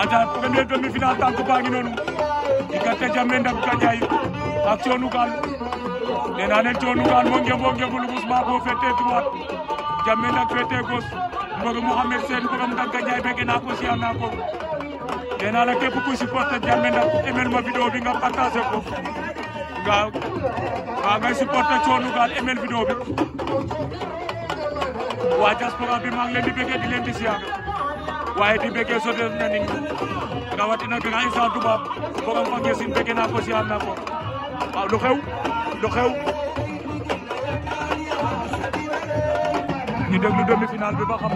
ata premier demi final tanko baangi noonu diggante Jammeh Ndao Gandiaye ak Thionou Kane nee naa leen Thionou Kane moo ngemboo ngembul Ousmane Bo féetee droite Jammeh Ndao féetee gauche mbëru Mouhamed Sène borom Ndao Gandiaye bëgg naa ko siyaar naa ko nee naa la képp ku supporter Jammeh Ndao aimel ma vidéo bi nga partagé ko nga waa ngay supporter Thionou Kane aimel vidéo bi waa diaspora bi maa ngi leen di bëggee di leen di siyaar waaye di bëggee soteer na nit ñi rawatina grand Issa Toubab borom fa ngeesin bëggee naa ko si am naa ko waaw xew lu xew ñu déglu demi-finale bi ba xam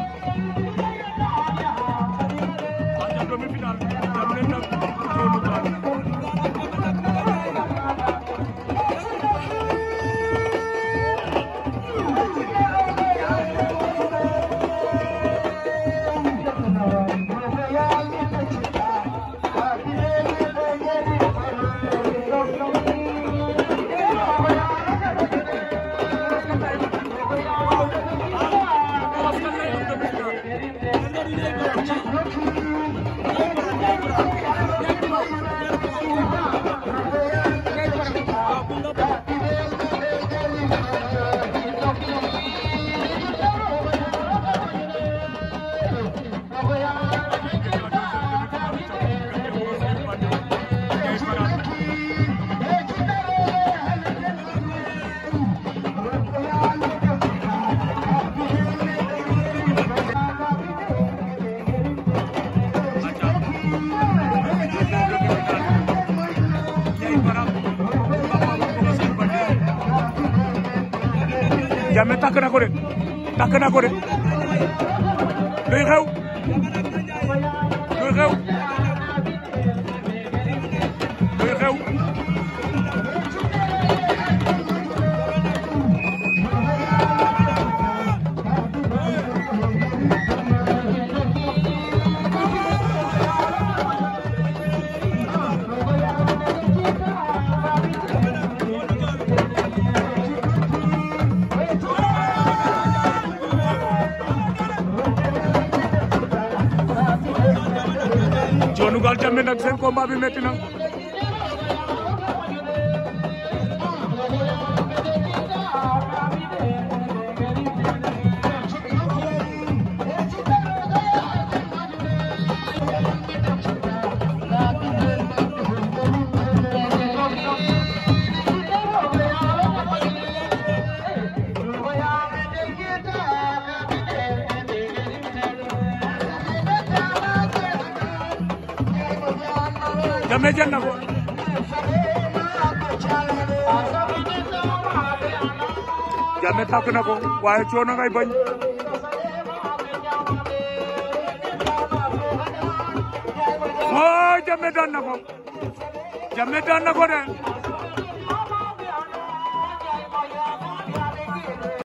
Thank you. Jammeh takk na ko de takk Sonu Gaal Jammeh nag seen combat bi metti na Jamé jël na ko Jamé takk na ko waaye coono ngay bañ waa Jamé daan na ko Jamé daan na ko de